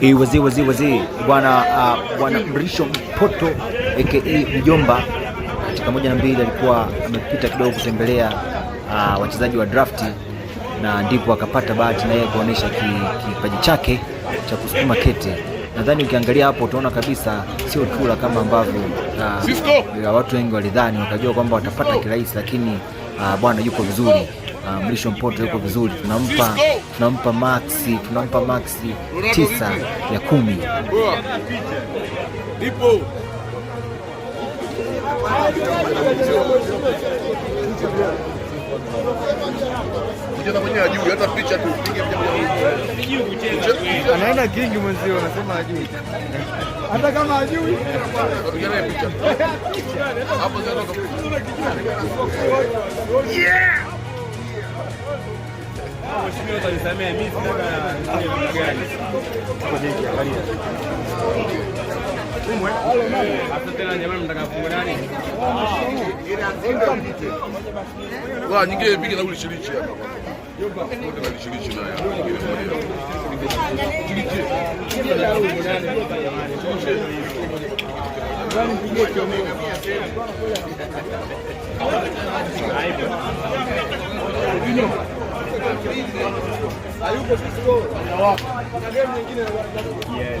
Hii wazi wazi bwana ah, bwana Mrisho Mpoto aka mjomba katika moja na mbili alikuwa amepita kidogo kutembelea uh, wachezaji wa drafti na ndipo akapata bahati na yeye kuonesha kipaji ki chake cha kusukuma kete. Nadhani ukiangalia hapo utaona kabisa sio tula kama ambavyo uh, watu wengi walidhani wakajua kwamba watapata kirahisi, lakini uh, bwana yuko vizuri uh, Mrisho Mpoto yuko vizuri, tunampa tunampa maxi tunampa maxi tisa ya kumi. Kucheza mwenyewe ajui hata picha tu. Anaenda kingi mwenzio anasema ajui. Hata kama ajui. Mheshimiwa utanisamea mimi sitaka gani umwe afutela nyama mtaka kumulani ile ah, azinde mpite kwa nyingine ipige na ule shirichi hapa kwa shirichi na ya nyingine moja Ayuko sisi wao. Kuna game nyingine. Yes.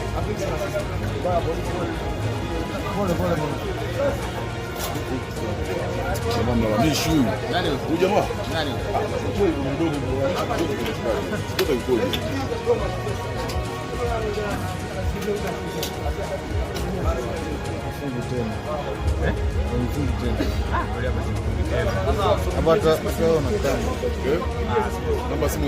Mlalamishi huyu jamaa namba simu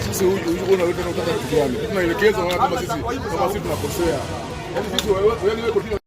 Sisi unaelekeza kama sisi tunakosea. Yaani yaani